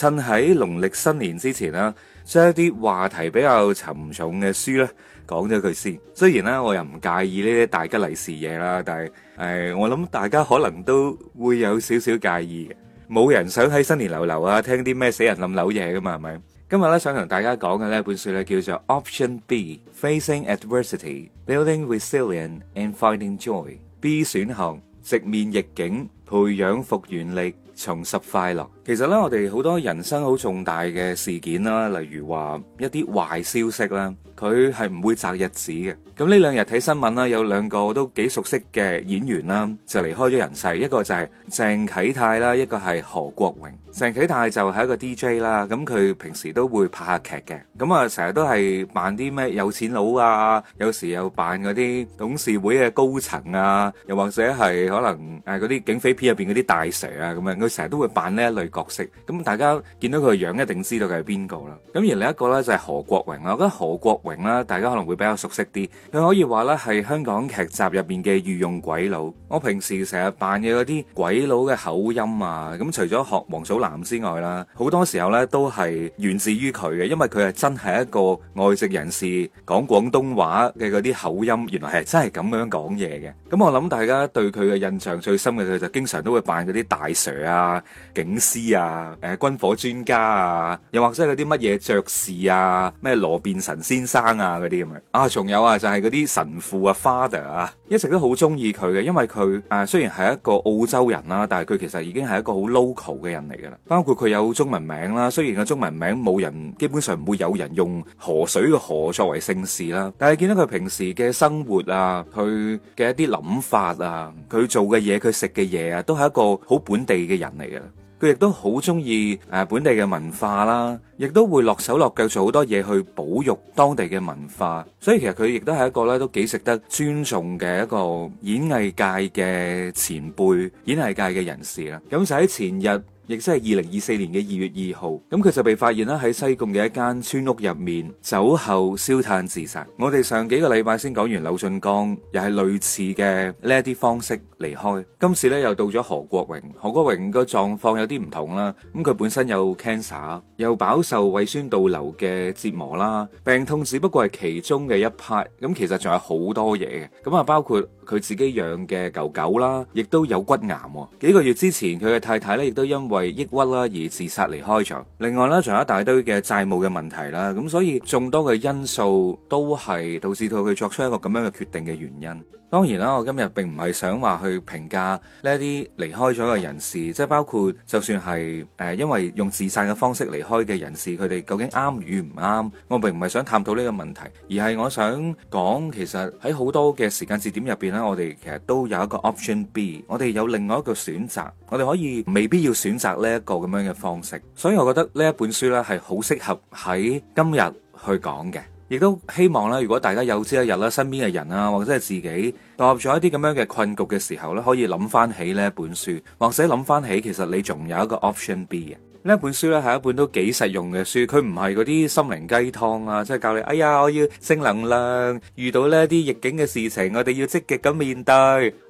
趁在農曆新年之前，將一些話題比較沉重的書講了他先。雖然，我又不介意這些大家來試試，但是，我想大家可能都會有少少介意。某人想在新年瀏瀏，聽啲咩死人諗瀏嘢，是不是？今日想和大家講的本書叫做 Option B, Facing Adversity, Building Resilience, and Finding Joy. B 選項，直面疫情，培養福原力，重濕快樂。其實咧，我哋好多人生好重大嘅事件啦，例如話一啲壞消息啦，佢係唔會擇日子嘅。咁呢兩日睇新聞啦，有兩個都幾熟悉嘅演員啦，就離開咗人世。一個就係鄭啟泰啦，一個係何國榮。鄭啟泰就係一個 DJ 啦，咁佢平時都會拍下劇嘅。咁啊，成日都係扮啲咩有錢佬啊，有時又扮嗰啲董事會嘅高層啊，又或者係可能誒嗰啲警匪片入邊嗰啲大蛇啊咁樣。佢成日都會扮呢一類角色咁，大家見到佢嘅樣一定知道佢係邊個啦。咁而另一個呢，就係何國榮啊！我覺得何國榮啦，大家可能會比較熟悉啲。佢可以話呢係香港劇集入面嘅御用鬼佬。我平時成日扮嘅嗰啲鬼佬嘅口音啊，咁除咗學王祖藍之外啦，好多時候呢都係源自於佢嘅，因為佢係真係一個外籍人士講廣東話嘅嗰啲口音，原來係真係咁樣講嘢嘅。咁我諗大家對佢嘅印象最深嘅，佢就經常都會扮嗰啲大 Sir 啊、警司啊。啊！誒，軍火專家啊，又或者係嗰啲乜嘢爵士啊，咩羅便臣先生啊嗰啲咁樣啊，仲有啊，就係嗰啲神父啊，Father 啊，一直都好中意佢嘅，因為佢誒、啊、雖然係一個澳洲人啦，但係佢其實已經係一個好 local 嘅人嚟噶啦。包括佢有中文名啦，雖然個中文名冇人，基本上唔會有人用河水嘅河作為姓氏啦。但係見到佢平時嘅生活啊，佢嘅一啲諗法啊，佢做嘅嘢，佢食嘅嘢啊，都係一個好本地嘅人嚟嘅。佢亦都好中意誒本地嘅文化啦，亦都會落手落腳做好多嘢去保育當地嘅文化，所以其實佢亦都係一個咧都幾值得尊重嘅一個演藝界嘅前輩、演藝界嘅人士啦。咁就喺前日。亦即係二零二四年嘅二月二號，咁佢就被發現啦，喺西貢嘅一間村屋入面，酒後燒炭自殺。我哋上幾個禮拜先講完柳俊江，又係類似嘅呢一啲方式離開。今次咧又到咗何國榮，何國榮個狀況有啲唔同啦。咁佢本身有 cancer，又飽受胃酸倒流嘅折磨啦，病痛只不過係其中嘅一 part。咁其實仲有好多嘢嘅。咁啊包括佢自己養嘅狗狗啦，亦都有骨癌。幾個月之前佢嘅太太咧亦都因為係抑鬱啦，而自殺離開咗。另外咧，仲有一大堆嘅債務嘅問題啦，咁所以眾多嘅因素都係導致到佢作出一個咁樣嘅決定嘅原因。當然啦，我今日並唔係想話去評價呢啲離開咗嘅人士，即係包括就算係誒因為用自殺嘅方式離開嘅人士，佢哋究竟啱與唔啱，我並唔係想探討呢個問題，而係我想講其實喺好多嘅時間節點入邊呢，我哋其實都有一個 option B，我哋有另外一個選擇，我哋可以未必要選擇呢一個咁樣嘅方式，所以我覺得呢一本書呢係好適合喺今日去講嘅。亦都希望咧，如果大家有朝一日啦，身邊嘅人啊，或者係自己墮入咗一啲咁樣嘅困局嘅時候咧，可以諗翻起呢一本書，或者諗翻起其實你仲有一個 option B 嘅。呢一本書咧係一本都幾實用嘅書，佢唔係嗰啲心靈雞湯啊，即係教你，哎呀，我要正能量，遇到呢啲逆境嘅事情，我哋要積極咁面對。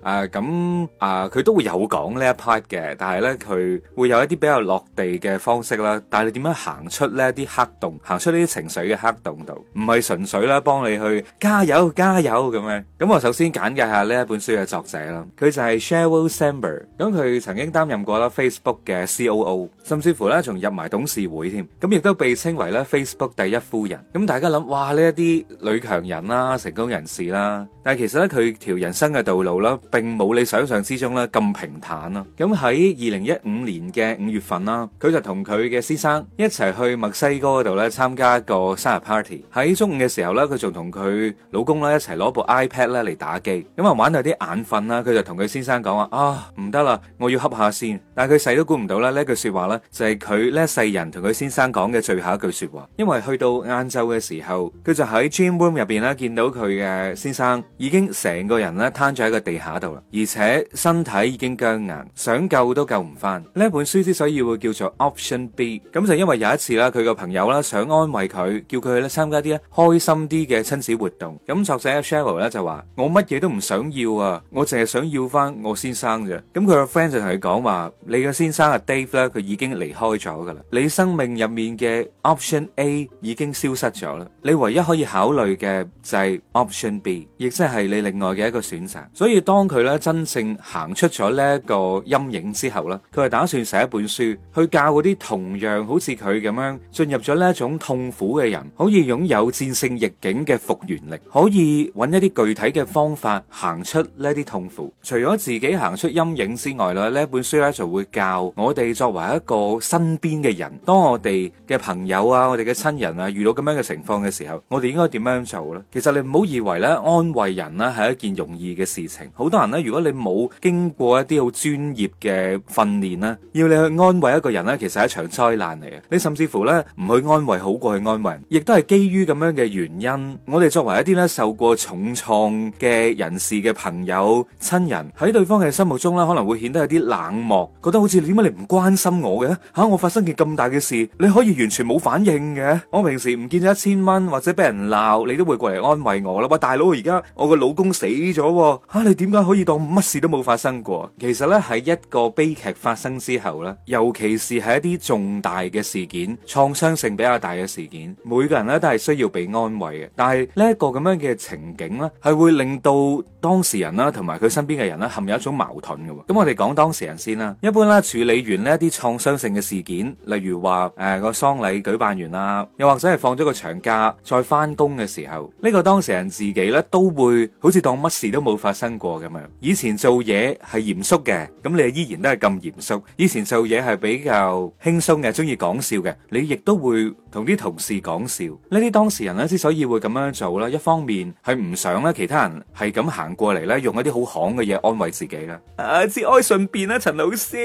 啊、呃，咁、呃、啊，佢都會有講呢一 part 嘅，但係呢，佢會有一啲比較落地嘅方式啦。但係你點樣行出呢啲黑洞，行出呢啲情緒嘅黑洞度，唔係純粹啦幫你去加油加油咁樣。咁我首先簡介下呢一本書嘅作者啦，佢就係 Sheryl Sandberg，咁佢曾經擔任過啦 Facebook 嘅 COO，甚至，仲入埋董事會添，咁亦都被稱為咧 Facebook 第一夫人。咁大家諗，哇！呢一啲女強人啦、啊，成功人士啦、啊。但係其實咧，佢條人生嘅道路啦，並冇你想象之中咧咁平坦啊！咁喺二零一五年嘅五月份啦，佢就同佢嘅先生一齊去墨西哥嗰度咧參加一個生日 party。喺中午嘅時候咧，佢仲同佢老公咧一齊攞部 iPad 咧嚟打機。咁啊玩到啲眼瞓啦，佢就同佢先生講話：啊唔得啦，我要恰下先。但係佢細都估唔到啦，呢句説話咧就係佢呢世人同佢先生講嘅最後一句説話。因為去到晏晝嘅時候，佢就喺 dream room 入邊咧見到佢嘅先生。已經成個人咧攤咗喺個地下度啦，而且身體已經僵硬，想救都救唔翻。呢一本書之所以會叫做 Option B，咁就因為有一次啦，佢個朋友啦想安慰佢，叫佢去咧參加啲咧開心啲嘅親子活動。咁、嗯、作者 Sheryl 咧就話：我乜嘢都唔想要啊，我淨係想要翻我先生啫。咁佢個 friend 就同佢講話：你嘅先生阿、啊、Dave 咧，佢已經離開咗噶啦，你生命入面嘅 Option A 已經消失咗啦，你唯一可以考慮嘅就係 Option B，亦即係。係你另外嘅一個選擇，所以當佢咧真正行出咗呢一個陰影之後咧，佢係打算寫一本書去教嗰啲同樣好似佢咁樣進入咗呢一種痛苦嘅人，可以擁有戰勝逆境嘅復原力，可以揾一啲具體嘅方法行出呢啲痛苦。除咗自己行出陰影之外咧，呢一本書咧就會教我哋作為一個身邊嘅人，當我哋嘅朋友啊、我哋嘅親人啊遇到咁樣嘅情況嘅時候，我哋應該點樣做呢？其實你唔好以為咧安慰。人咧、啊、係一件容易嘅事情，好多人咧，如果你冇經過一啲好專業嘅訓練啦，要你去安慰一個人咧，其實係一場災難嚟嘅。你甚至乎咧唔去安慰好過去安慰，亦都係基於咁樣嘅原因。我哋作為一啲咧受過重創嘅人士嘅朋友、親人喺對方嘅心目中咧，可能會顯得有啲冷漠，覺得好似點解你唔關心我嘅吓、啊？我發生件咁大嘅事，你可以完全冇反應嘅。我平時唔見咗一千蚊或者俾人鬧，你都會過嚟安慰我啦。喂，大佬，而家。我個老公死咗嚇、啊，你點解可以當乜事都冇發生過？其實呢，喺一個悲劇發生之後呢，尤其是係一啲重大嘅事件、創傷性比較大嘅事件，每個人呢都係需要被安慰嘅。但係呢一個咁樣嘅情景呢，係會令到當事人啦，同埋佢身邊嘅人呢陷入一種矛盾嘅。咁我哋講當事人先啦。一般啦，處理完呢一啲創傷性嘅事件，例如話誒、呃，嗰個喪禮舉辦完啦，又或者係放咗個長假再翻工嘅時候，呢、呢個當事人自己呢都會。會好似當乜事都冇發生過咁樣。以前做嘢係嚴肅嘅，咁你依然都係咁嚴肅。以前做嘢係比較輕鬆嘅，中意講笑嘅，你亦都會。同啲同事講笑，呢啲當事人咧之所以會咁樣做咧，一方面係唔想咧其他人係咁行過嚟咧，用一啲好戇嘅嘢安慰自己啦。啊，節哀順變啦，陳老師，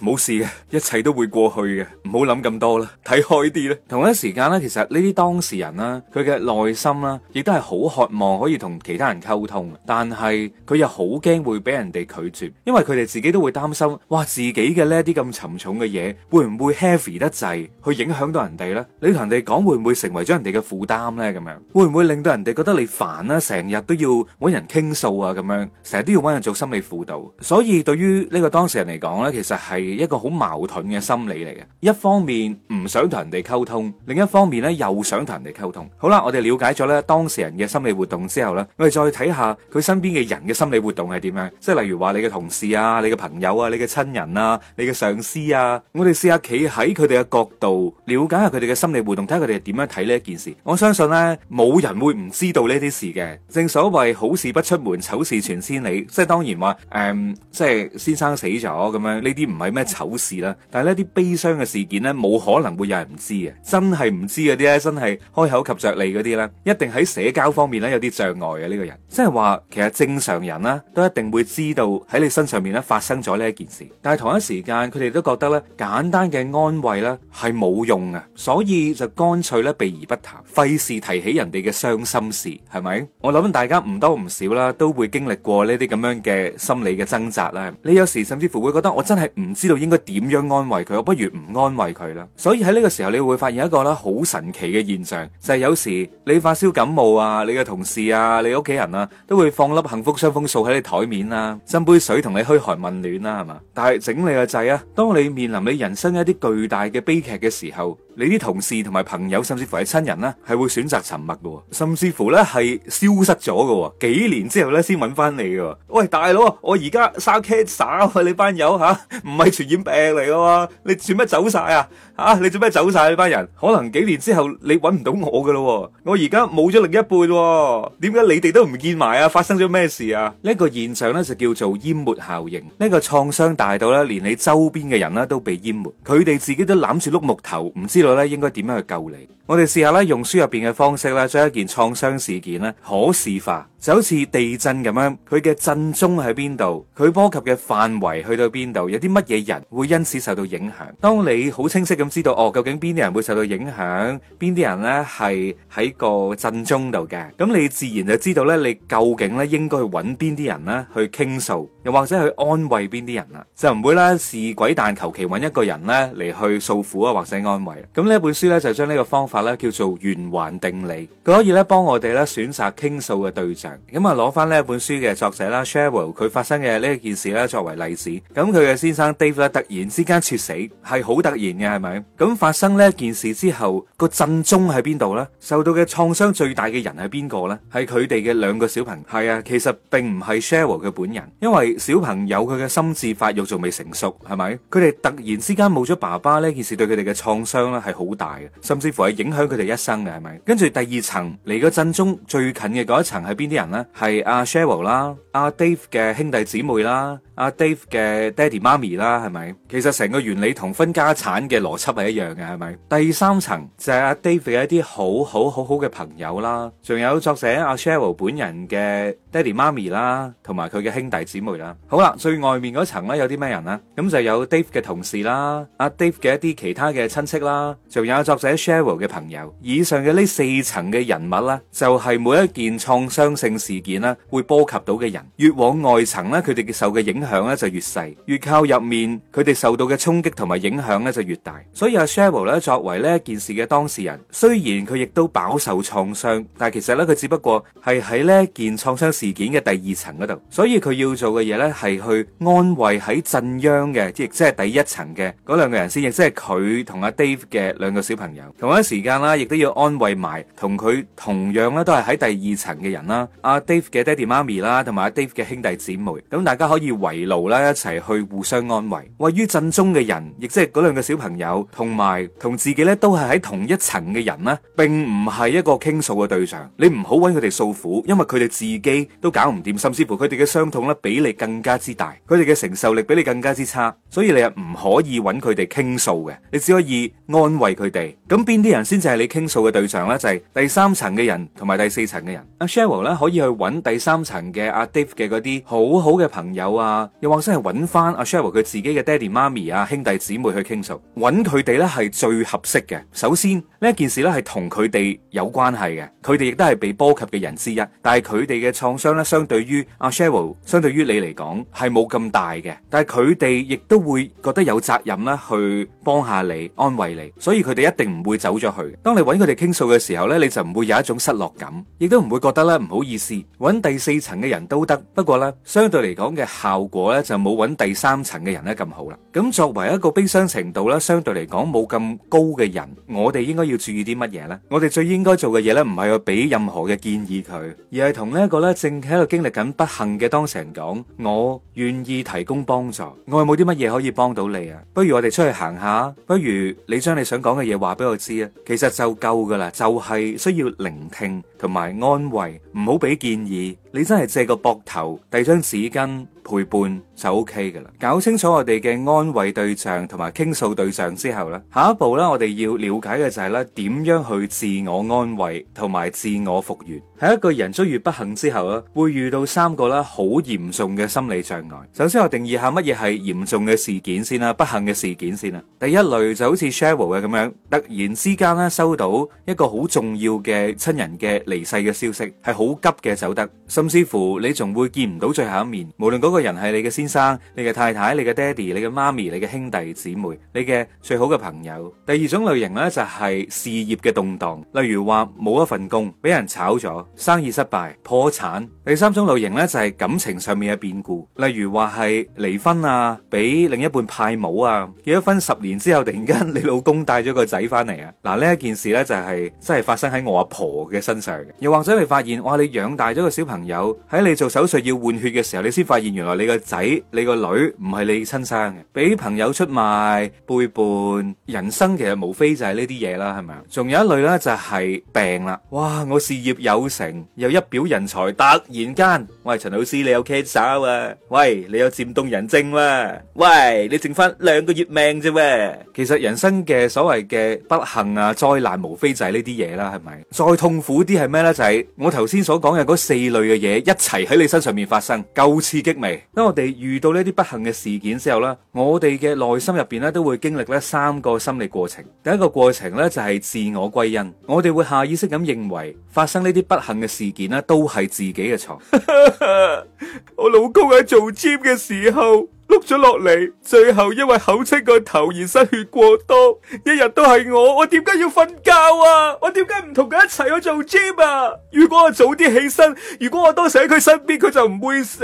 冇事嘅，一切都會過去嘅，唔好諗咁多啦，睇開啲啦。同一時間咧，其實呢啲當事人啦，佢嘅內心啦，亦都係好渴望可以同其他人溝通，但係佢又好驚會俾人哋拒絕，因為佢哋自己都會擔心，哇，自己嘅呢啲咁沉重嘅嘢，會唔會 heavy 得滯，去影響到人哋呢？你同人哋講，會唔會成為咗人哋嘅負擔呢？咁樣會唔會令到人哋覺得你煩啊？成日都要搵人傾訴啊，咁樣成日都要搵人做心理輔導。所以對於呢個當事人嚟講呢，其實係一個好矛盾嘅心理嚟嘅。一方面唔想同人哋溝通，另一方面呢又想同人哋溝通。好啦，我哋了解咗呢，當事人嘅心理活動之後呢，我哋再睇下佢身邊嘅人嘅心理活動係點樣。即係例如話你嘅同事啊、你嘅朋友啊、你嘅親人啊、你嘅上司啊，我哋試下企喺佢哋嘅角度，了解下佢哋嘅心理。你互動睇下佢哋係點樣睇呢一件事。我相信呢，冇人會唔知道呢啲事嘅。正所謂好事不出門，醜事傳千里。即係當然話，誒、嗯，即係先生死咗咁樣，呢啲唔係咩醜事啦。但係呢啲悲傷嘅事件呢，冇可能會有人唔知嘅。真係唔知嗰啲咧，真係開口及着脷嗰啲咧，一定喺社交方面咧有啲障礙嘅呢、呢個人。即係話，其實正常人啦，都一定會知道喺你身上面咧發生咗呢一件事。但係同一時間，佢哋都覺得咧，簡單嘅安慰呢係冇用嘅，所以。就乾脆咧避而不談，費事提起人哋嘅傷心事，係咪？我諗大家唔多唔少啦，都會經歷過呢啲咁樣嘅心理嘅掙扎啦。你有時甚至乎會覺得我真係唔知道應該點樣安慰佢，我不如唔安慰佢啦。所以喺呢個時候，你會發現一個咧好神奇嘅現象，就係有時你發燒感冒啊，你嘅同事啊，你屋企人啊，都會放粒幸福傷風素喺你台面啦，斟杯水同你噓寒問暖啦，係嘛？但係整理個掣啊！當你面臨你人生一啲巨大嘅悲劇嘅時候。你啲同事同埋朋友，甚至乎係親人咧，係會選擇沉默嘅，甚至乎咧係消失咗嘅，幾年之後咧先揾翻你嘅。喂，大佬，我而家生 cancer，你班友吓，唔係傳染病嚟嘅喎，你做乜走晒啊？啊！你做咩走晒呢班人？可能幾年之後你揾唔到我噶咯，哦？我而家冇咗另一半，哦，點解你哋都唔見埋啊？發生咗咩事啊？呢個現象呢，就叫做淹沒效應。呢、呢個創傷大到呢，連你周邊嘅人呢都被淹沒，佢哋自己都攬住碌木頭，唔知道呢應該點樣去救你。我哋試下呢，用書入邊嘅方式呢，將一件創傷事件呢，可視化。就好似地震咁樣，佢嘅震中喺邊度，佢波及嘅範圍去到邊度，有啲乜嘢人會因此受到影響？當你好清晰咁知道哦，究竟邊啲人會受到影響，邊啲人咧係喺個震中度嘅，咁你自然就知道咧，你究竟咧應該去揾邊啲人咧去傾訴，又或者去安慰邊啲人啦，就唔會咧是鬼但求其揾一個人咧嚟去訴苦啊，或者安慰。咁呢本書咧就將呢個方法咧叫做圓環定理，佢可以咧幫我哋咧選擇傾訴嘅對象。咁啊，攞翻呢一本書嘅作者啦，Sheryl，佢發生嘅呢一件事啦，作為例子。咁佢嘅先生 Dave 咧，突然之間猝死，係好突然嘅，係咪？咁發生呢一件事之後，個震中喺邊度呢？受到嘅創傷最大嘅人係邊個呢？係佢哋嘅兩個小朋友。係啊，其實並唔係 Sheryl 嘅本人，因為小朋友佢嘅心智發育仲未成熟，係咪？佢哋突然之間冇咗爸爸呢件事對佢哋嘅創傷咧係好大嘅，甚至乎係影響佢哋一生嘅，係咪？跟住第二層嚟個震中最近嘅嗰一層係邊啲人？人係阿 Sheryl 啦，阿、啊啊、Dave 嘅兄弟姊妹啦，阿、啊、Dave 嘅爹哋媽咪啦，係咪？其實成個原理同分家產嘅邏輯係一樣嘅，係咪？第三層就係阿、啊、Dave 嘅一啲好好好好嘅朋友啦，仲有作者阿、啊、Sheryl 本人嘅。爹哋、媽咪啦，同埋佢嘅兄弟姊妹啦。好啦，最外面嗰層咧有啲咩人啊？咁就有 Dave 嘅同事啦，阿 Dave 嘅一啲其他嘅親戚啦，仲有作者 Sheryl 嘅朋友。以上嘅呢四層嘅人物啦，就係每一件創傷性事件啦，會波及到嘅人。越往外層咧，佢哋受嘅影響咧就越細；越靠入面，佢哋受到嘅衝擊同埋影響咧就越大。所以阿 Sheryl 咧，作為呢件事嘅當事人，雖然佢亦都飽受創傷，但係其實咧佢只不過係喺呢件創傷。事件嘅第二層嗰度，所以佢要做嘅嘢呢，係去安慰喺震央嘅，亦即係第一層嘅嗰兩個人先，亦即係佢同阿 Dave 嘅兩個小朋友。同一時間啦，亦都要安慰埋同佢同樣咧，都係喺第二層嘅人啦。阿、啊、Dave 嘅爹哋媽咪啦，同埋阿 Dave 嘅兄弟姐妹，咁大家可以圍爐啦，一齊去互相安慰。位於震中嘅人，亦即係嗰兩個小朋友，同埋同自己呢，都係喺同一層嘅人啦。並唔係一個傾訴嘅對象。你唔好搵佢哋訴苦，因為佢哋自己。都搞唔掂，甚至乎佢哋嘅傷痛咧比你更加之大，佢哋嘅承受力比你更加之差，所以你係唔可以揾佢哋傾訴嘅，你只可以安慰佢哋。咁邊啲人先至係你傾訴嘅對象呢？就係第三層嘅人同埋第四層嘅人。阿 Sheryl 咧可以去揾第三層嘅阿 Dave 嘅嗰啲好好嘅朋友啊，又或者係揾翻阿 Sheryl 佢自己嘅爹哋媽咪啊、兄弟姊妹去傾訴，揾佢哋呢係最合適嘅。首先呢件事呢，係同佢哋有關係嘅，佢哋亦都係被波及嘅人之一，但係佢哋嘅創相咧，相對於阿 Sheryl，相對於你嚟講係冇咁大嘅，但係佢哋亦都會覺得有責任咧去幫下你、安慰你，所以佢哋一定唔會走咗去。當你揾佢哋傾訴嘅時候咧，你就唔會有一種失落感，亦都唔會覺得咧唔好意思揾第四層嘅人都得，不過咧相對嚟講嘅效果咧就冇揾第三層嘅人咧咁好啦。咁作為一個悲傷程度咧相對嚟講冇咁高嘅人，我哋應該要注意啲乜嘢咧？我哋最應該做嘅嘢咧，唔係去俾任何嘅建議佢，而係同呢一個咧正。喺度經歷緊不幸嘅當事人講，我願意提供幫助。我有冇啲乜嘢可以幫到你啊？不如我哋出去行下，不如你將你想講嘅嘢話俾我知啊。其實就夠噶啦，就係需要聆聽同埋安慰，唔好俾建議。你真係借個膊頭、遞張紙巾陪伴就 OK 㗎喇。搞清楚我哋嘅安慰對象同埋傾訴對象之後咧，下一步咧，我哋要了解嘅就係咧，點樣去自我安慰同埋自我復原。喺一個人遭遇不幸之後咧，會遇到三個咧好嚴重嘅心理障礙。首先我定義下乜嘢係嚴重嘅事件先啦，不幸嘅事件先啦。第一類就好似 Sheryl 嘅咁樣，突然之間咧，收到一個好重要嘅親人嘅離世嘅消息，係好急嘅走得。咁似乎你仲會見唔到最後一面，無論嗰個人係你嘅先生、你嘅太太、你嘅爹哋、你嘅媽咪、你嘅兄弟姊妹、你嘅最好嘅朋友。第二種類型呢就係事業嘅動盪，例如話冇一份工，俾人炒咗，生意失敗、破產。第三種類型呢就係感情上面嘅變故，例如話係離婚啊，俾另一半派母啊，結咗婚十年之後突然間你老公帶咗個仔翻嚟啊，嗱，呢一件事呢就係真係發生喺我阿婆嘅身上嘅。又或者你發現哇，你養大咗個小朋友。有喺你做手術要換血嘅時候，你先發現原來你個仔、你個女唔係你親生嘅，俾朋友出賣、背叛，人生其實無非就係呢啲嘢啦，係咪啊？仲有一類呢就係病啦。哇！我事業有成，又一表人才，突然間喂，陳老師，你有 catch up 啊？喂，你有漸凍人症啦？喂，你剩翻兩個月命啫？喂，其實人生嘅所謂嘅不幸啊、災難，無非就係呢啲嘢啦，係咪？再痛苦啲係咩呢？就係我頭先所講嘅嗰四類嘅。嘢一齊喺你身上面發生，夠刺激未？當我哋遇到呢啲不幸嘅事件之後咧，我哋嘅內心入邊咧都會經歷咧三個心理過程。第一個過程咧就係自我歸因，我哋會下意識咁認為發生呢啲不幸嘅事件咧都係自己嘅錯。 我老公喺做 gym 嘅時候。碌咗落嚟，最後因為口清個頭而失血過多，一日都係我，我點解要瞓覺啊？我點解唔同佢一齊去做 gym 啊？如果我早啲起身，如果我當時喺佢身邊，佢就唔會死。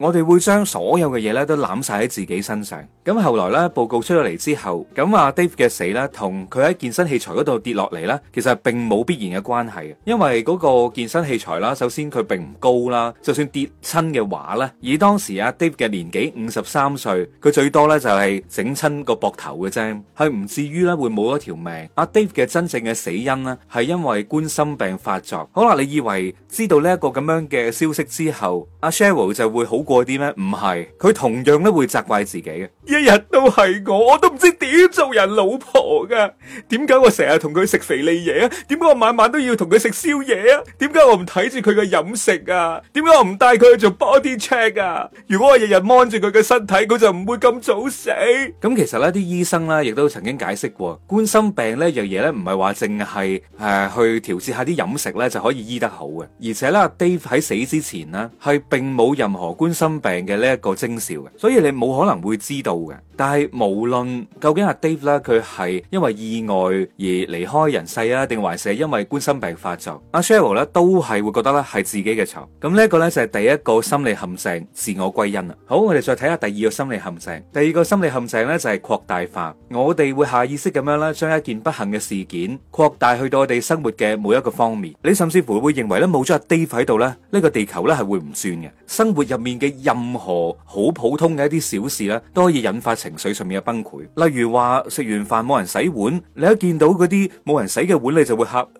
我哋會將所有嘅嘢咧都攬晒喺自己身上。咁後來咧報告出咗嚟之後，咁阿 Dave 嘅死咧同佢喺健身器材嗰度跌落嚟咧，其實係並冇必然嘅關係。因為嗰個健身器材啦，首先佢並唔高啦，就算跌親嘅話咧，以當時阿 Dave 嘅年紀五十三歲，佢最多咧就係整親個膊頭嘅啫，係唔至於咧會冇咗條命。阿 Dave 嘅真正嘅死因呢，係因為冠心病發作。好啦，你以為知道呢一個咁樣嘅消息之後，阿 Sheryl 就會好？過啲咩？唔係佢同樣都會責怪自己嘅，一日都係我，我都唔知點做人老婆噶。點解我成日同佢食肥膩嘢啊？點解我晚晚都要同佢食宵夜啊？點解我唔睇住佢嘅飲食啊？點解我唔帶佢去做 body check 啊？如果我日日摸住佢嘅身體，佢就唔會咁早死。咁、嗯、其實呢啲醫生呢，亦都曾經解釋過，冠心病呢樣嘢呢，唔係話淨係誒去調節下啲飲食呢就可以醫得好嘅。而且呢 Dave 喺死之前呢，係並冇任何冠。心病嘅呢一個徵兆嘅，所以你冇可能會知道嘅。但係無論究竟阿 Dave 咧，佢係因為意外而離開人世啊，定還是係因為冠心病發作？阿 Sheryl 咧都係會覺得咧係自己嘅錯。咁呢一個咧就係第一個心理陷阱，自我歸因啦。好，我哋再睇下第二個心理陷阱。第二個心理陷阱呢，就係擴大化。我哋會下意識咁樣咧，將一件不幸嘅事件擴大去到我哋生活嘅每一個方面。你甚至乎會認為咧冇咗阿 Dave 喺度呢，呢、呢個地球呢係會唔轉嘅。生活入面嘅任何好普通嘅一啲小事咧，都可以引發情緒上面嘅崩潰。例如話食完飯冇人洗碗，你一見到嗰啲冇人洗嘅碗，你就會吓。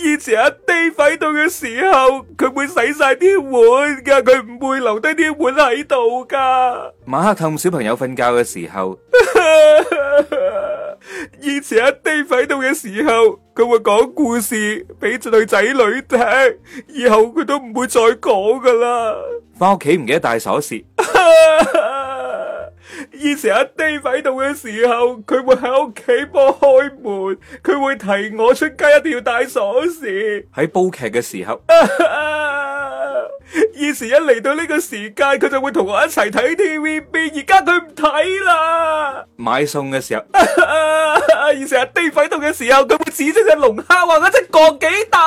以前阿爹喺度嘅時候，佢會洗晒啲碗噶，佢唔會留低啲碗喺度噶。晚黑氹小朋友瞓覺嘅時候。 以前阿 David 喺度嘅時候，佢會講故事俾對仔女聽，以後佢都唔會再講噶啦。翻屋企唔記得帶鎖匙。 以前阿 David 喺度嘅時候，佢會喺屋企幫我開門，佢會提我出街一定要帶鎖匙。喺煲劇嘅時候。 時一嚟到呢個時間，佢就會同我一齊睇 TVB。而家佢唔睇啦。買餸嘅時候，而成日低廢度嘅時候，佢會指住隻龍蝦話：嗰隻個幾大？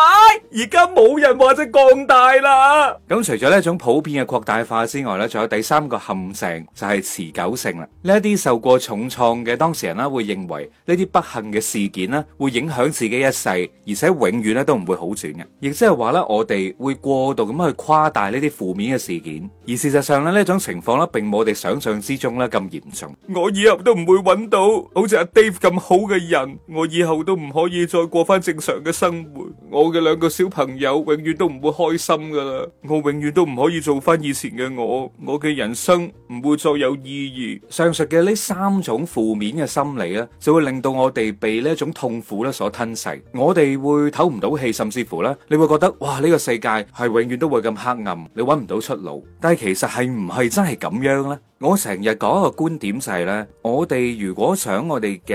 而家冇人話只降大啦。咁除咗呢一種普遍嘅擴大化之外咧，仲有第三個陷阱就係持久性啦。呢一啲受過重創嘅當事人啦，會認為呢啲不幸嘅事件咧，會影響自己一世，而且永遠咧都唔會好轉嘅。亦即係話咧，我哋會過度咁去誇大呢啲。負面嘅事件，而事實上咧，呢一種情況咧，並冇我哋想象之中咧咁嚴重。我以後都唔會揾到好似阿 Dave 咁好嘅人，我以後都唔可以再過翻正常嘅生活，我嘅兩個小朋友永遠都唔會開心噶啦，我永遠都唔可以做翻以前嘅我，我嘅人生唔會再有意義。上述嘅呢三種負面嘅心理咧，就會令到我哋被呢一種痛苦咧所吞噬，我哋會唞唔到氣，甚至乎咧你會覺得哇，呢個世界係永遠都會咁黑暗。你揾唔到出路，但係其實係唔係真係咁樣咧？我成日講一個觀點就係咧，我哋如果想我哋嘅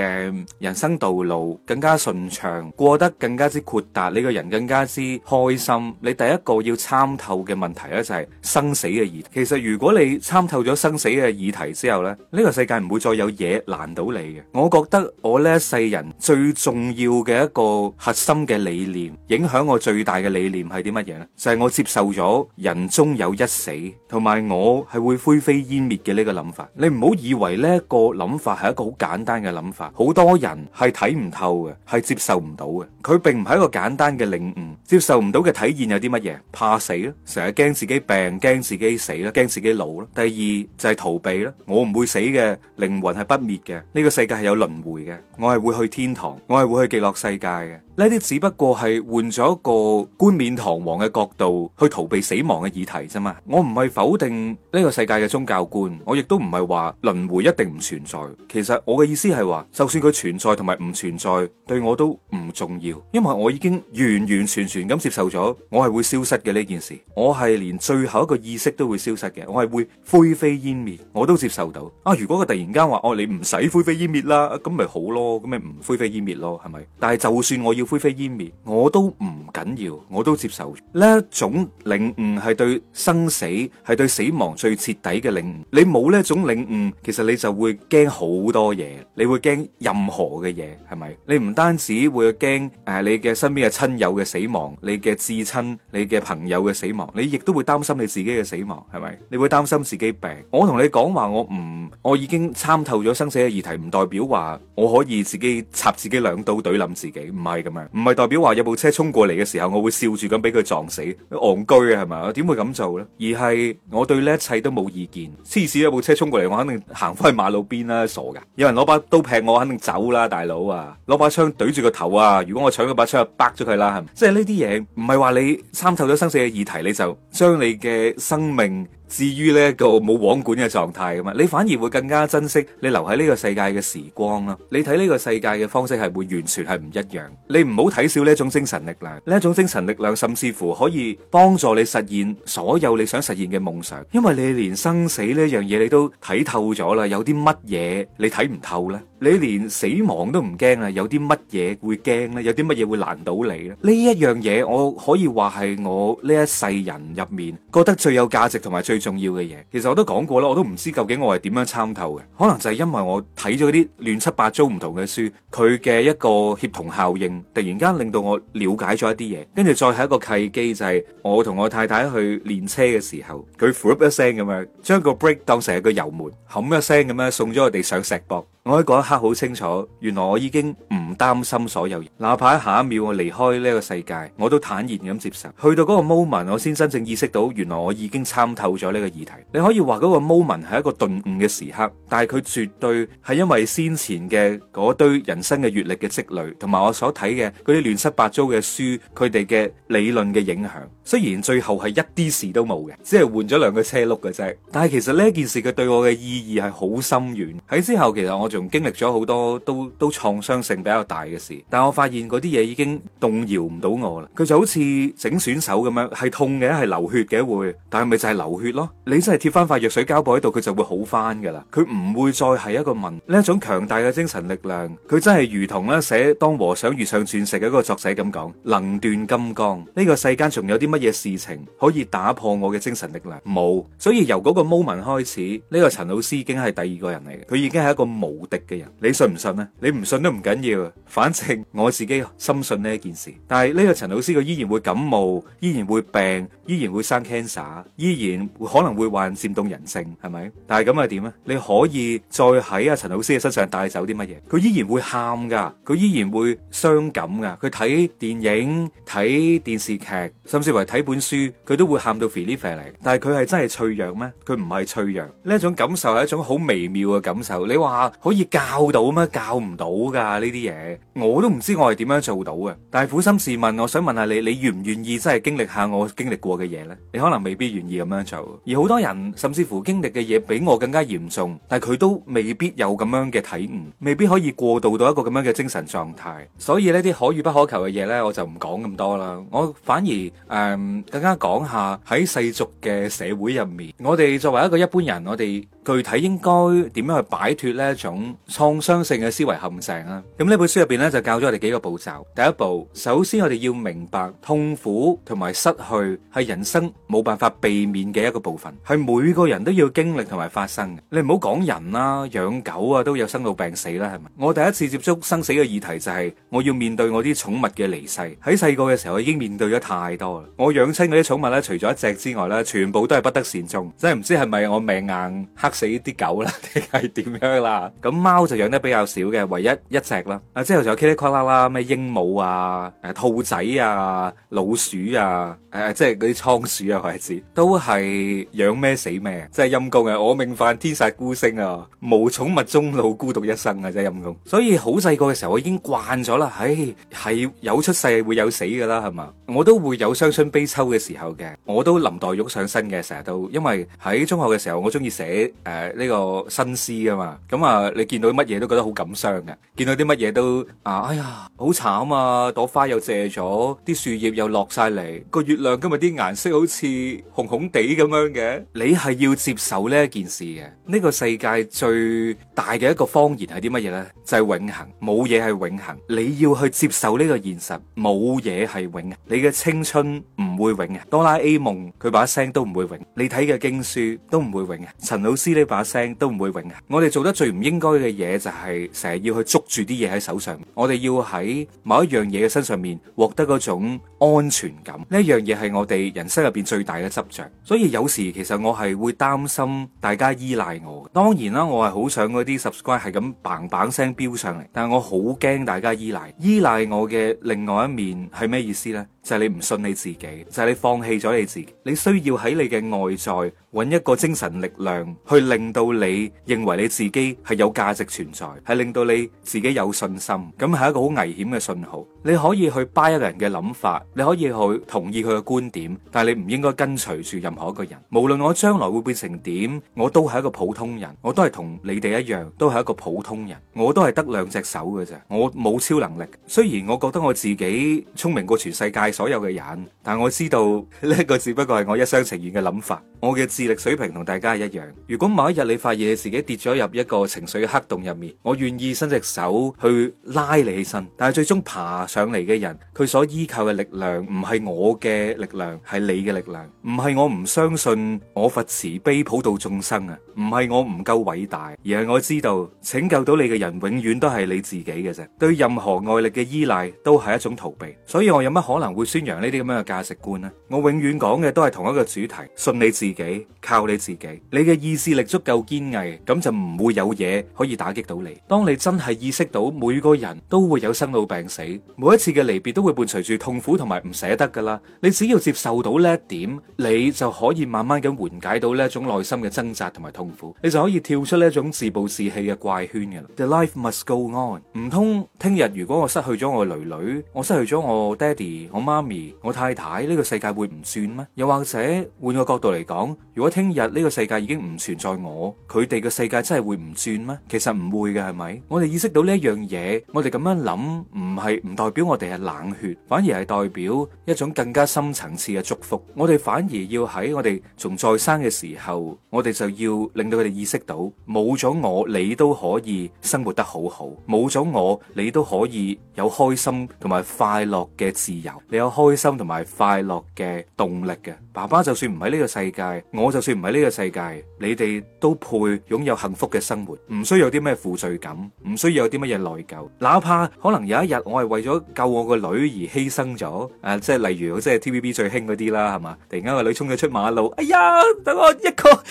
人生道路更加順暢，過得更加之豁達，你個人更加之開心，你第一個要參透嘅問題咧就係生死嘅議題。其實如果你參透咗生死嘅議題之後咧，呢個世界唔會再有嘢難到你嘅。我覺得我呢一世人最重要嘅一個核心嘅理念，影響我最大嘅理念係啲乜嘢咧？就係我接受咗人。終有一死，同埋我係會灰飛煙滅嘅呢個諗法。你唔好以為呢個諗法係一個好簡單嘅諗法，好多人係睇唔透嘅，係接受唔到嘅。佢並唔係一個簡單嘅領悟，接受唔到嘅體驗有啲乜嘢？怕死咯，成日驚自己病，驚自己死啦，驚自己老啦。第二就係逃避啦，我唔會死嘅，靈魂係不滅嘅，呢個世界係有輪迴嘅，我係會去天堂，我係會去極樂世界嘅。呢啲只不過係換咗一個冠冕堂皇嘅角度去逃避死亡嘅議題啫嘛。我唔係否定呢個世界嘅宗教觀，我亦都唔係話輪回一定唔存在。其實我嘅意思係話，就算佢存在同埋唔存在，對我都唔重要，因為我已經完完全全咁接受咗，我係會消失嘅呢件事。我係連最後一個意識都會消失嘅，我係會灰飛煙滅，我都接受到。啊，如果佢突然間話哦，你唔使灰飛煙滅啦，咁咪好咯，咁咪唔灰飛煙滅咯，係咪？但係就算我要。灰飛煙滅，我都唔緊要，我都接受。呢一種領悟係對生死，係對死亡最徹底嘅領悟。你冇呢一種領悟，其實你就會驚好多嘢，你會驚任何嘅嘢，係咪？你唔單止會驚誒，你嘅身邊嘅親友嘅死亡，你嘅至親、你嘅朋友嘅死亡，你亦都會擔心你自己嘅死亡，係咪？你會擔心自己病。我同你講話，我唔，我已經參透咗生死嘅議題，唔代表話我可以自己插自己兩刀，隊冧自己，唔係咁。唔係代表話有部車衝過嚟嘅時候，我會笑住咁俾佢撞死，戇居啊，係嘛？點會咁做呢？而係我對呢一切都冇意見，黐線，有部車衝過嚟，我肯定行翻去馬路邊啦，傻噶！有人攞把刀劈我，我肯定走啦，大佬啊！攞把槍懟住個頭啊！如果我搶咗把槍，就 b 咗佢啦，係嘛！即係呢啲嘢唔係話你參透咗生死嘅議題，你就將你嘅生命。至於呢個冇網管嘅狀態咁啊，你反而會更加珍惜你留喺呢個世界嘅時光啦。你睇呢個世界嘅方式係會完全係唔一樣。你唔好睇少呢種精神力量，呢種精神力量甚至乎可以幫助你實現所有你想實現嘅夢想。因為你連生死呢樣嘢你都睇透咗啦，有啲乜嘢你睇唔透呢？你連死亡都唔驚啊？有啲乜嘢會驚呢？有啲乜嘢會難到你呢？呢一樣嘢，我可以話係我呢一世人入面覺得最有價值同埋最重要嘅嘢。其實我都講過啦，我都唔知究竟我係點樣參透嘅。可能就係因為我睇咗啲亂七八糟唔同嘅書，佢嘅一個協同效應，突然間令到我了解咗一啲嘢，跟住再係一個契機就係我同我太太去練車嘅時候，佢 f 一聲咁樣將個 brake 當成一個油門，冚一聲咁樣送咗我哋上石博。我喺嗰一刻好清楚，原來我已經唔擔心所有嘢。哪怕下一秒我離開呢個世界，我都坦然咁接受。去到嗰個 moment，我先真正意識到，原來我已經參透咗呢個議題。你可以話嗰個 moment 係一個頓悟嘅時刻，但係佢絕對係因為先前嘅嗰堆人生嘅閱歷嘅積累，同埋我所睇嘅嗰啲亂七八糟嘅書，佢哋嘅理論嘅影響。雖然最後係一啲事都冇嘅，只係換咗兩個車轆嘅啫。但係其實呢件事佢對我嘅意義係好深遠。喺之後，其實我。仲經歷咗好多都都創傷性比較大嘅事，但我發現嗰啲嘢已經動搖唔到我啦。佢就好似整損手咁樣，係痛嘅，係流血嘅會，但係咪就係流血咯？你真係貼翻塊藥水膠布喺度，佢就會好翻噶啦。佢唔會再係一個問呢一種強大嘅精神力量，佢真係如同咧寫當和尚遇上鑽石嘅嗰個作者咁講，能斷金剛。呢、這個世間仲有啲乜嘢事情可以打破我嘅精神力量？冇。所以由嗰個 moment 開始，呢、這個陳老師已經係第二個人嚟嘅，佢已經係一個無。敵嘅人，你信唔信咧？你唔信都唔緊要，反正我自己深信呢一件事。但係呢個陳老師佢依然會感冒，依然會病，依然會生 cancer，依然可能會患漸凍人性，係咪？但係咁又點咧？你可以再喺阿陳老師嘅身上帶走啲乜嘢？佢依然會喊噶，佢依然會傷感噶，佢睇電影、睇電視劇，甚至為睇本書，佢都會喊到肥膩肥膩。但係佢係真係脆弱咩？佢唔係脆弱，呢一種感受係一種好微妙嘅感受。你話好。可以教到咩？教唔到㗎呢啲嘢，我都唔知我係點樣做到嘅。但係苦心試問，我想問下你，你願唔願意真係經歷下我經歷過嘅嘢咧？你可能未必願意咁樣做。而好多人，甚至乎經歷嘅嘢比我更加嚴重，但係佢都未必有咁樣嘅體悟，未必可以過渡到一個咁樣嘅精神狀態。所以呢啲可遇不可求嘅嘢咧，我就唔講咁多啦。我反而誒、嗯，更加講下喺世俗嘅社會入面，我哋作為一個一般人，我哋具體應該點樣去擺脫呢一種創傷性嘅思維陷阱啊？咁呢本書入邊咧就教咗我哋幾個步驟。第一步，首先我哋要明白痛苦同埋失去係人生冇辦法避免嘅一個部分，係每個人都要經歷同埋發生嘅。你唔好講人啦，養狗啊都有生老病死啦，係咪？我第一次接觸生死嘅議題就係我要面對我啲寵物嘅離世。喺細個嘅時候我已經面對咗太多啦。我養親嗰啲寵物咧，除咗一隻之外咧，全部都係不得善終。真係唔知係咪我命硬黑，死啲狗啦，定係點樣啦？咁貓就養得比較少嘅，唯一一隻啦。啊，之後仲有 kitty cat 啦，咩鸚鵡啊，誒，兔仔啊，老鼠啊，誒，即係嗰啲倉鼠啊，或者都係養咩死咩，真係陰公啊！我命犯天煞孤星啊，無寵物終老孤獨一生啊，真係陰公。所以好細個嘅時候我已經慣咗啦，唉，係有出世會有死噶啦，係嘛？我都會有傷春悲秋嘅時候嘅，我都林黛玉上身嘅，成日都因為喺中學嘅時候我中意寫。誒呢個心思噶嘛，咁啊你見到乜嘢都覺得好感傷嘅，見到啲乜嘢都啊，哎呀好慘啊！朵花又謝咗，啲樹葉又落晒嚟，個月亮今日啲顏色好似紅紅地咁樣嘅。你係要接受呢一件事嘅，呢個世界最大嘅一個謊言係啲乜嘢呢？就係永恆，冇嘢係永恆。你要去接受呢個現實，冇嘢係永。你嘅青春唔會永嘅，哆啦 A 夢佢把聲都唔會永。你睇嘅經書都唔會永嘅，陳老 C。知呢把聲都唔會永恆。我哋做得最唔應該嘅嘢就係成日要去捉住啲嘢喺手上，我哋要喺某一樣嘢嘅身上面獲得嗰種安全感。呢一樣嘢係我哋人生入邊最大嘅執着，所以有時其實我係會擔心大家依賴我。當然啦，我係好想嗰啲 subscribe 係咁棒棒聲飆上嚟，但係我好驚大家依賴。依賴我嘅另外一面係咩意思呢？就係你唔信你自己，就係你放棄咗你自己。你需要喺你嘅外在揾一個精神力量，去令到你認為你自己係有價值存在，係令到你自己有信心。咁係一個好危險嘅信號。你可以去 buy 一個人嘅諗法，你可以去同意佢嘅觀點，但係你唔應該跟隨住任何一個人。無論我將來會變成點，我都係一個普通人，我都係同你哋一樣，都係一個普通人，我都係得兩隻手嘅啫，我冇超能力。雖然我覺得我自己聰明過全世界所有嘅人，但係我知道呢一個只不過係我一廂情願嘅諗法，我嘅智力水平同大家係一樣。如果某一日你發現你自己跌咗入一個情緒嘅黑洞入面，我願意伸隻手去拉你起身，但係最終爬上嚟嘅人，佢所依靠嘅力量唔係我嘅力量，係你嘅力量。唔係我唔相信我佛慈悲普度眾生啊，唔係我唔夠偉大，而係我知道拯救到你嘅人永遠都係你自己嘅啫。對任何外力嘅依賴都係一種逃避，所以我有乜可能會宣揚呢啲咁樣嘅價值觀呢？我永遠講嘅都係同一個主題：信你自己，靠你自己。你嘅意志力足夠堅毅，咁就唔會有嘢可以打擊到你。當你真係意識到每個人都會有生老病死，每一次嘅離別都會伴隨住痛苦同埋唔捨得噶啦，你只要接受到呢一點，你就可以慢慢咁緩解到呢一種內心嘅掙扎同埋痛苦，你就可以跳出呢一種自暴自棄嘅怪圈噶啦。The life must go on。唔通聽日如果我失去咗我女女，我失去咗我爹哋、我媽咪、我太太，呢個世界會唔轉咩？又或者換個角度嚟講，如果聽日呢個世界已經唔存在我，佢哋嘅世界真係會唔轉咩？其實唔會嘅，係咪？我哋意識到呢一樣嘢，我哋咁樣諗唔係唔當。不代表我哋係冷血，反而係代表一種更加深層次嘅祝福。我哋反而要喺我哋仲在生嘅時候，我哋就要令到佢哋意識到，冇咗我，你都可以生活得好好；冇咗我，你都可以有開心同埋快樂嘅自由，你有開心同埋快樂嘅動力嘅。爸爸就算唔喺呢個世界，我就算唔喺呢個世界，你哋都配擁有幸福嘅生活，唔需要有啲咩負罪感，唔需要有啲乜嘢內疚。哪怕可能有一日我係為咗救我個女而犧牲咗，誒，即係例如，即係 TVB 最興嗰啲啦，係嘛？突然間個女衝咗出馬路，哎呀，等我一個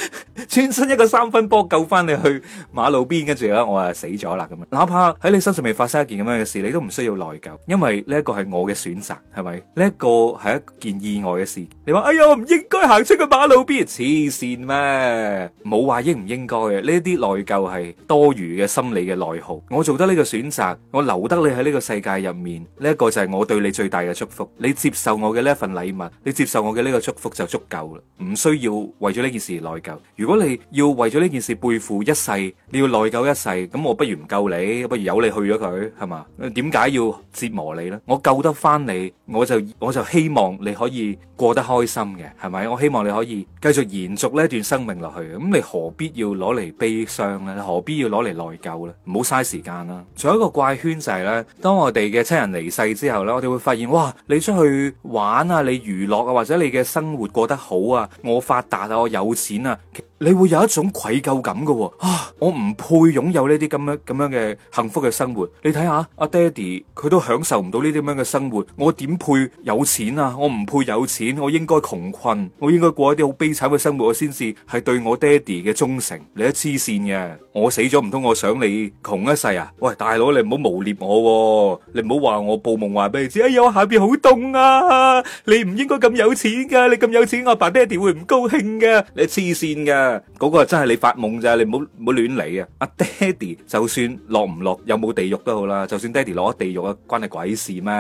轉身一個三分波救翻你去馬路邊，跟住咧我啊死咗啦咁樣。哪怕喺你身上面發生一件咁樣嘅事，你都唔需要內疚，因為呢一個係我嘅選擇，係咪？呢一個係一件意外嘅事。你話，哎呀，唔應該行出個馬路邊，黐線咩？冇話應唔應該嘅，呢一啲內疚係多餘嘅心理嘅內耗。我做得呢個選擇，我留得你喺呢個世界入面。呢一個就係我對你最大嘅祝福，你接受我嘅呢一份禮物，你接受我嘅呢個祝福就足夠啦，唔需要為咗呢件事內疚。如果你要為咗呢件事背負一世，你要內疚一世，咁我不如唔救你，不如由你去咗佢，係嘛？點解要折磨你呢？我救得翻你，我就我就希望你可以過得開心嘅，係咪？我希望你可以繼續延續呢一段生命落去，咁你何必要攞嚟悲傷呢？何必要攞嚟內疚呢？唔好嘥時間啦。仲有一個怪圈就係咧，當我哋嘅親人，離世之後咧，我哋會發現，哇！你出去玩啊，你娛樂啊，或者你嘅生活過得好啊，我發達啊，我有錢啊。你會有一種愧疚感噶，哦，啊！我唔配擁有呢啲咁樣咁樣嘅幸福嘅生活。你睇下阿爹哋，佢都享受唔到呢啲咁樣嘅生活，我點配有錢啊？我唔配有錢，我應該窮困，我應該過一啲好悲慘嘅生活，我先至係對我爹哋嘅忠誠。你一黐線嘅，我死咗唔通我想你窮一世啊？喂，大佬你唔好誣衊我，你唔好話我報夢話俾你知。哎呀，下邊好凍啊！你唔應該咁有錢噶，你咁有錢，我爸爹哋會唔高興噶。你黐線噶！嗰個真係你發夢咋，你唔好唔好亂嚟啊！阿爹哋就算落唔落，有冇地獄都好啦。就算爹哋落咗地獄啊，關你鬼事咩？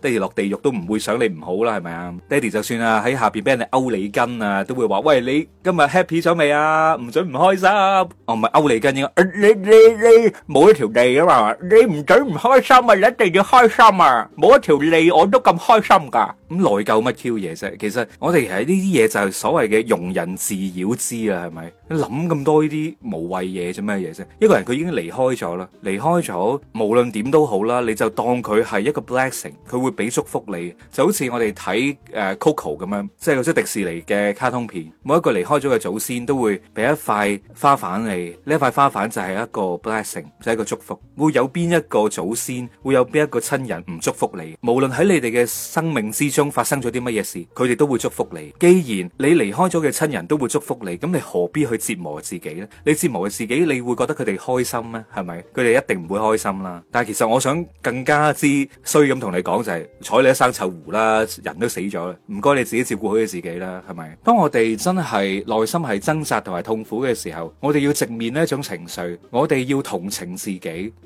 爹哋落地獄都唔會想你唔好啦，係咪啊？爹哋就算啊喺下邊俾人哋勾你筋啊，都會話：喂，你今日 happy 咗未啊？唔准唔開心。哦，唔係勾你筋啫，你你你冇一條脷噶嘛？你唔准唔開心你一定要開心啊！冇一條脷我都咁開心噶。咁內疚乜 Q 嘢啫？其實我哋其實呢啲嘢就係所謂嘅庸人自擾之啊，係咪？你諗咁多呢啲無謂嘢啫咩嘢啫？一個人佢已經離開咗啦，離開咗，無論點都好啦，你就當佢係一個 blessing，佢會俾祝福你。就好似我哋睇誒 Coco 咁樣，即係即係迪士尼嘅卡通片，每一個離開咗嘅祖先都會俾一塊花瓣你，呢一塊花瓣就係一個 blessing，就係一個祝福。會有邊一個祖先，會有邊一個親人唔祝福你？無論喺你哋嘅生命之中，中發生咗啲乜嘢事，佢哋都會祝福你。既然你離開咗嘅親人都會祝福你，咁你何必去折磨自己呢？你折磨自己，你會覺得佢哋開心咩？係咪？佢哋一定唔會開心啦。但係其實我想更加之衰咁同你講就係，睬你一生臭狐啦，人都死咗啦，唔該你自己照顧好你自己啦，係咪？當我哋真係內心係掙扎同埋痛苦嘅時候，我哋要直面呢一種情緒，我哋要同情自己，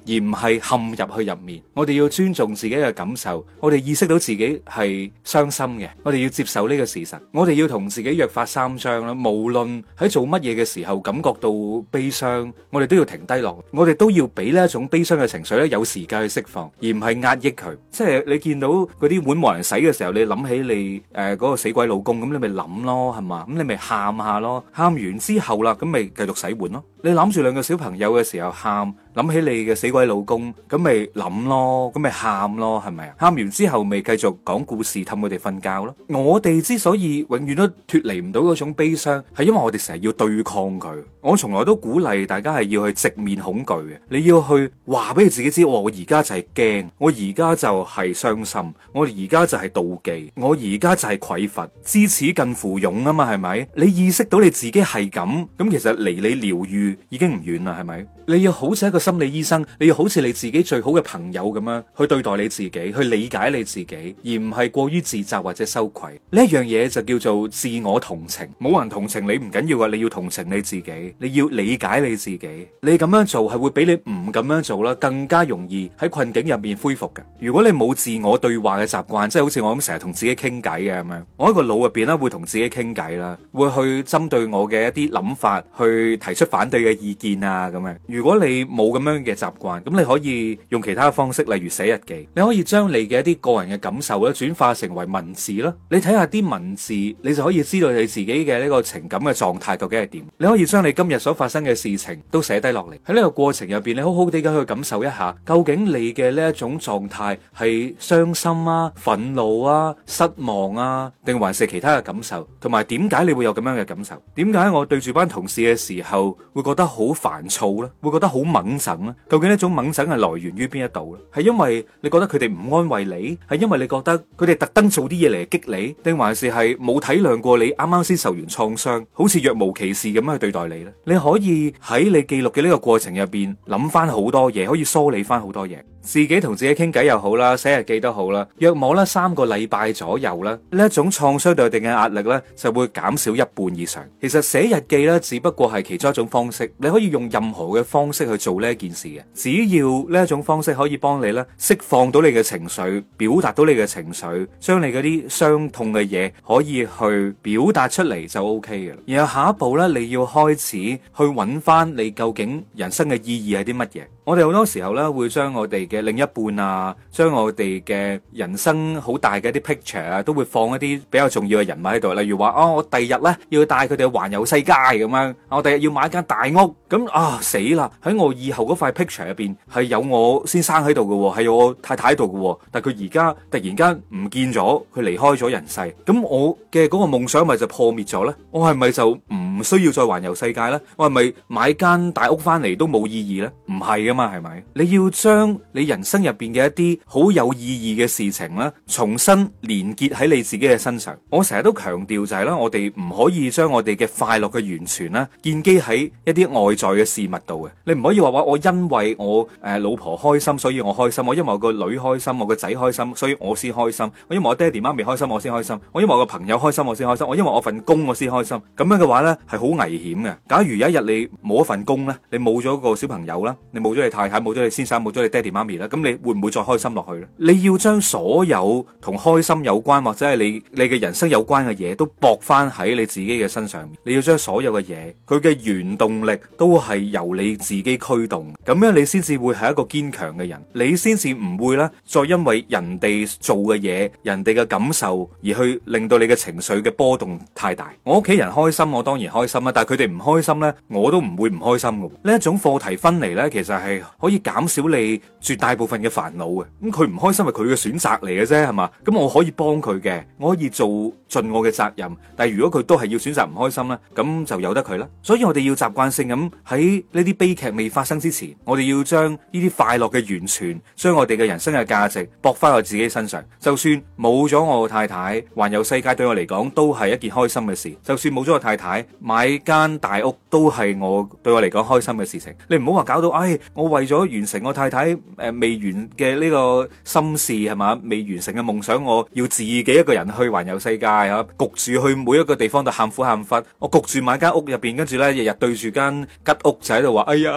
而唔係陷入去入面。我哋要尊重自己嘅感受，我哋意識到自己係傷心嘅，我哋要接受呢個事實，我哋要同自己約法三章啦。無論喺做乜嘢嘅時候感覺到悲傷，我哋都要停低落，我哋都要俾呢一種悲傷嘅情緒呢有時間去釋放，而唔係壓抑佢。即係你見到嗰啲碗冇人洗嘅時候，你諗起你誒嗰個死鬼老公，咁你咪諗咯，係嘛？咁你咪喊下咯，喊完之後啦，咁咪繼續洗碗咯。你諗住兩個小朋友嘅時候喊。諗起你嘅死鬼老公，咁咪諗咯，咁咪喊咯，係咪啊？喊完之後，咪繼續講故事氹佢哋瞓覺咯。我哋之所以永遠都脫離唔到嗰種悲傷，係因為我哋成日要對抗佢。我從來都鼓勵大家係要去直面恐懼嘅。你要去話俾你自己知，我而家就係驚，我而家就係傷心，我而家就係妒忌，我而家就係愧罰，知恥近乎勇啊嘛，係咪？你意識到你自己係咁，咁其實離你療癒已經唔遠啦，係咪？你要好似一個心理醫生，你要好似你自己最好嘅朋友咁樣去對待你自己，去理解你自己，而唔係過於自責或者羞愧。呢一樣嘢就叫做自我同情。冇人同情你唔緊要啊，你要同情你自己，你要理解你自己。你咁樣做係會俾你唔咁樣做啦，更加容易喺困境入面恢復嘅。如果你冇自我對話嘅習慣，即係好似我咁成日同自己傾偈嘅咁樣，我喺個腦入邊啦會同自己傾偈啦，會去針對我嘅一啲諗法去提出反對嘅意見啊咁樣。如果你冇，咁樣嘅習慣，咁你可以用其他嘅方式，例如寫日記，你可以將你嘅一啲個人嘅感受咧轉化成為文字啦。你睇下啲文字，你就可以知道你自己嘅呢個情感嘅狀態究竟係點。你可以將你今日所發生嘅事情都寫低落嚟，喺呢個過程入邊，你好好地咁去感受一下，究竟你嘅呢一種狀態係傷心啊、憤怒啊、失望啊，定還是其他嘅感受？同埋點解你會有咁樣嘅感受？點解我對住班同事嘅時候會覺得好煩躁呢？會覺得好猛？怎？究竟呢種掹掙係來源於邊一度咧？係因為你覺得佢哋唔安慰你，係因為你覺得佢哋特登做啲嘢嚟激你，定還是係冇體諒過你啱啱先受完創傷，好似若無其事咁樣去對待你咧？你可以喺你記錄嘅呢個過程入邊諗翻好多嘢，可以梳理翻好多嘢，自己同自己傾偈又好啦，寫日記都好啦，約莫咧三個禮拜左右咧，呢一種創傷對定嘅壓力咧就會減少一半以上。其實寫日記咧只不過係其中一種方式，你可以用任何嘅方式去做咧。一件事嘅，只要呢一種方式可以幫你咧釋放到你嘅情緒，表達到你嘅情緒，將你嗰啲傷痛嘅嘢可以去表達出嚟就 OK 嘅。然後下一步咧，你要開始去揾翻你究竟人生嘅意義係啲乜嘢。我哋好多時候咧，會將我哋嘅另一半啊，將我哋嘅人生好大嘅一啲 picture 啊，都會放一啲比較重要嘅人物喺度。例如話，哦，我第日咧要帶佢哋去環遊世界咁樣。我第日要買一間大屋，咁啊死啦！喺我以後嗰塊 picture 入邊，係有我先生喺度嘅，係有我太太喺度嘅。但係佢而家突然間唔見咗，佢離開咗人世。咁我嘅嗰個夢想咪就破滅咗咧？我係咪就唔需要再環遊世界咧？我係咪買間大屋翻嚟都冇意義咧？唔係嘅。係咪？你要將你人生入邊嘅一啲好有意義嘅事情咧，重新連結喺你自己嘅身上。我成日都強調就係咧，我哋唔可以將我哋嘅快樂嘅源泉咧，建基喺一啲外在嘅事物度嘅。你唔可以話話我因為我誒老婆開心所以我開心，我因為我個女開心我個仔開心所以我先開心，我因為我爹哋媽咪開心我先開心，我因為我個朋友開心我先開心，我因為我份工我先開心。咁樣嘅話呢，係好危險嘅。假如有一日你冇咗份工呢，你冇咗個小朋友啦，你冇咗。你太太冇咗，你先生，冇咗你爹哋媽咪啦，咁你會唔會再開心落去咧？你要將所有同開心有關或者係你你嘅人生有關嘅嘢，都駁翻喺你自己嘅身上面。你要將所有嘅嘢，佢嘅原動力都係由你自己驅動。咁樣你先至會係一個堅強嘅人，你先至唔會咧再因為人哋做嘅嘢、人哋嘅感受而去令到你嘅情緒嘅波動太大。我屋企人開心，我當然開心啦。但係佢哋唔開心咧，我都唔會唔開心嘅。呢一種課題分離咧，其實係。可以減少你絕大部分嘅煩惱嘅，咁佢唔開心係佢嘅選擇嚟嘅啫，係嘛？咁我可以幫佢嘅，我可以做盡我嘅責任。但係如果佢都係要選擇唔開心啦，咁就由得佢啦。所以我哋要習慣性咁喺呢啲悲劇未發生之前，我哋要將呢啲快樂嘅完全將我哋嘅人生嘅價值駁翻喺自己身上。就算冇咗我嘅太太，環遊世界對我嚟講都係一件開心嘅事。就算冇咗我太太，買間大屋都係我對我嚟講開心嘅事情。你唔好話搞到，唉、哎、我。我為咗完成我太太誒、呃、未完嘅呢個心事係嘛，未完成嘅夢想，我要自己一個人去環遊世界啊！焗住去每一個地方度喊苦喊忽，我焗住買間屋入邊，跟住呢日日對住間吉屋仔喺度話：哎呀，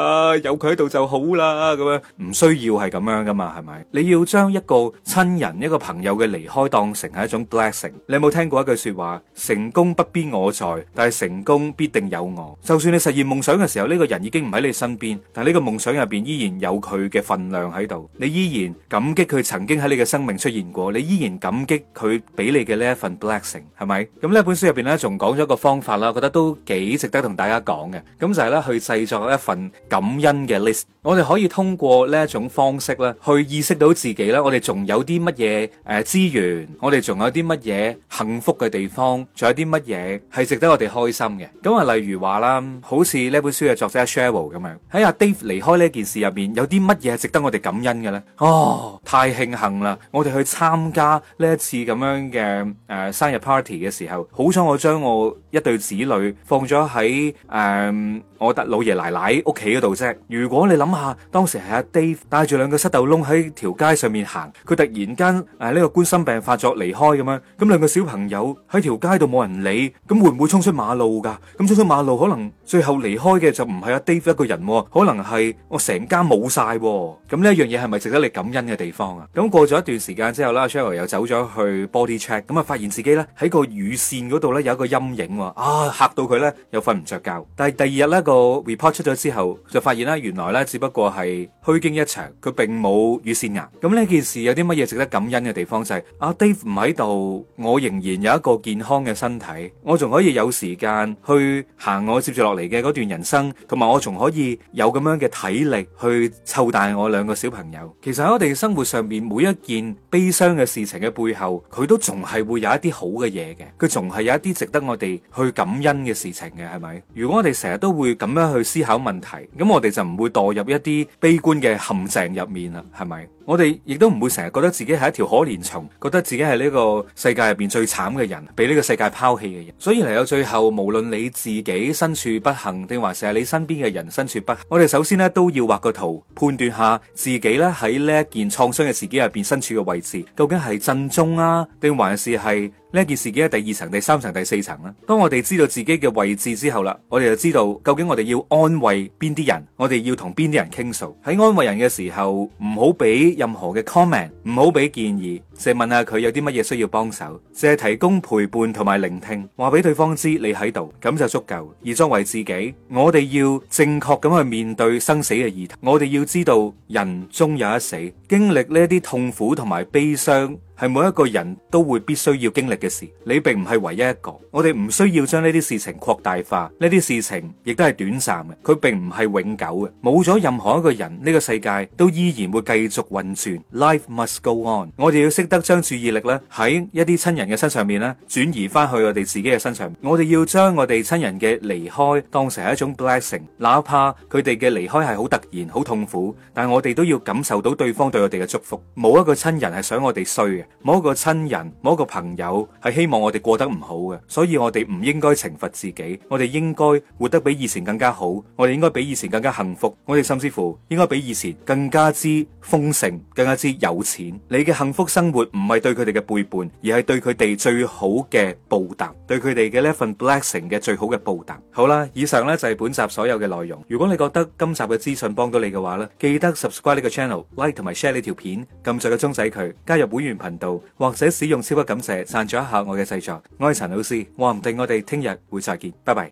有佢喺度就好啦！咁樣唔需要係咁樣噶嘛，係咪？你要將一個親人一個朋友嘅離開當成係一種 blessing。你有冇聽過一句說話：成功不必我在，但係成功必定有我。就算你實現夢想嘅時候，呢、呢個人已經唔喺你身邊，但係呢個夢想入邊。依然有佢嘅份量喺度，你依然感激佢曾經喺你嘅生命出現過，你依然感激佢俾你嘅呢一份 blessing，係咪？咁呢一本書入邊咧，仲講咗一個方法啦，我覺得都幾值得同大家講嘅。咁就係咧，去製作一份感恩嘅 list。我哋可以通過呢一種方式咧，去意識到自己咧，我哋仲有啲乜嘢誒資源，我哋仲有啲乜嘢幸福嘅地方，仲有啲乜嘢係值得我哋開心嘅。咁啊，例如話啦，好似呢本書嘅作者 Sheryl 咁樣，喺阿 Dave 離開呢件件事入面有啲乜嘢值得我哋感恩嘅咧？哦，太慶幸啦！我哋去參加呢一次咁樣嘅誒、呃、生日 party 嘅時候，好彩我將我一對子女放咗喺誒我得老爺奶奶屋企嗰度啫。如果你諗下，當時係阿 Dave 帶住兩個膝頭窿喺條街上面行，佢突然間誒呢、呃這個冠心病發作離開咁樣，咁兩個小朋友喺條街度冇人理，咁會唔會衝出馬路噶？咁衝出馬路，可能最後離開嘅就唔係阿 Dave 一個人，可能係我。成間冇晒，咁呢一樣嘢係咪值得你感恩嘅地方啊？咁過咗一段時間之後啦 Cheryl 又走咗去 body check，咁啊發現自己呢，喺個乳腺嗰度呢，有一個陰影，啊吓到佢呢，又瞓唔着覺。但係第二日呢，個 report 出咗之後，就發現呢，原來呢，只不過係虛驚一場，佢並冇乳腺癌。咁呢件事有啲乜嘢值得感恩嘅地方？就係阿 Dave 唔喺度，我仍然有一個健康嘅身體，我仲可以有時間去行我接住落嚟嘅嗰段人生，同埋我仲可以有咁樣嘅體力。去湊大我兩個小朋友，其實喺我哋嘅生活上面，每一件悲傷嘅事情嘅背後，佢都仲係會有一啲好嘅嘢嘅，佢仲係有一啲值得我哋去感恩嘅事情嘅，係咪？如果我哋成日都會咁樣去思考問題，咁我哋就唔會墮入一啲悲觀嘅陷阱入面啦，係咪？我哋亦都唔會成日覺得自己係一條可憐蟲，覺得自己係呢個世界入邊最慘嘅人，被呢個世界拋棄嘅人。所以嚟到最後，無論你自己身處不幸，定還是係你身邊嘅人身處不幸，我哋首先呢都要。畫個圖，判斷下自己咧，喺呢一件創傷嘅事件入邊，身處嘅位置，究竟係震中啊，定還是係？呢件事係第二層、第三層、第四層啦。當我哋知道自己嘅位置之後啦，我哋就知道究竟我哋要安慰邊啲人，我哋要同邊啲人傾訴。喺安慰人嘅時候，唔好俾任何嘅 comment，唔好俾建議，淨係問下佢有啲乜嘢需要幫手，淨係提供陪伴同埋聆聽，話俾對方知你喺度，咁就足夠。而作為自己，我哋要正確咁去面對生死嘅議題，我哋要知道人終有一死，經歷呢啲痛苦同埋悲傷。係每一個人都會必須要經歷嘅事，你並唔係唯一一個。我哋唔需要將呢啲事情擴大化，呢啲事情亦都係短暫嘅，佢並唔係永久嘅。冇咗任何一個人，呢個世界都依然會繼續運轉。Life must go on。我哋要識得將注意力咧喺一啲親人嘅身上面咧，轉移翻去我哋自己嘅身上。我哋要將我哋親人嘅離開當成係一種 blessing，哪怕佢哋嘅離開係好突然、好痛苦，但係我哋都要感受到對方對我哋嘅祝福。冇一個親人係想我哋衰嘅。某一個親人，某一個朋友，係希望我哋過得唔好嘅，所以我哋唔應該懲罰自己，我哋應該活得比以前更加好，我哋應該比以前更加幸福，我哋甚至乎應該比以前更加之豐盛，更加之有錢。你嘅幸福生活唔係對佢哋嘅背叛，而係對佢哋最好嘅報答，對佢哋嘅呢一份 blessing 嘅最好嘅報答。好啦，以上呢就係、是、本集所有嘅內容。如果你覺得今集嘅資訊幫到你嘅話呢，記得 subscribe 呢個 channel，like 同埋 share 呢條片，撳着個鐘仔佢，加入會員頻道。道或者使用超級感謝贊助一下我嘅製作，我係陳老 C，話唔定我哋聽日會再見，拜拜。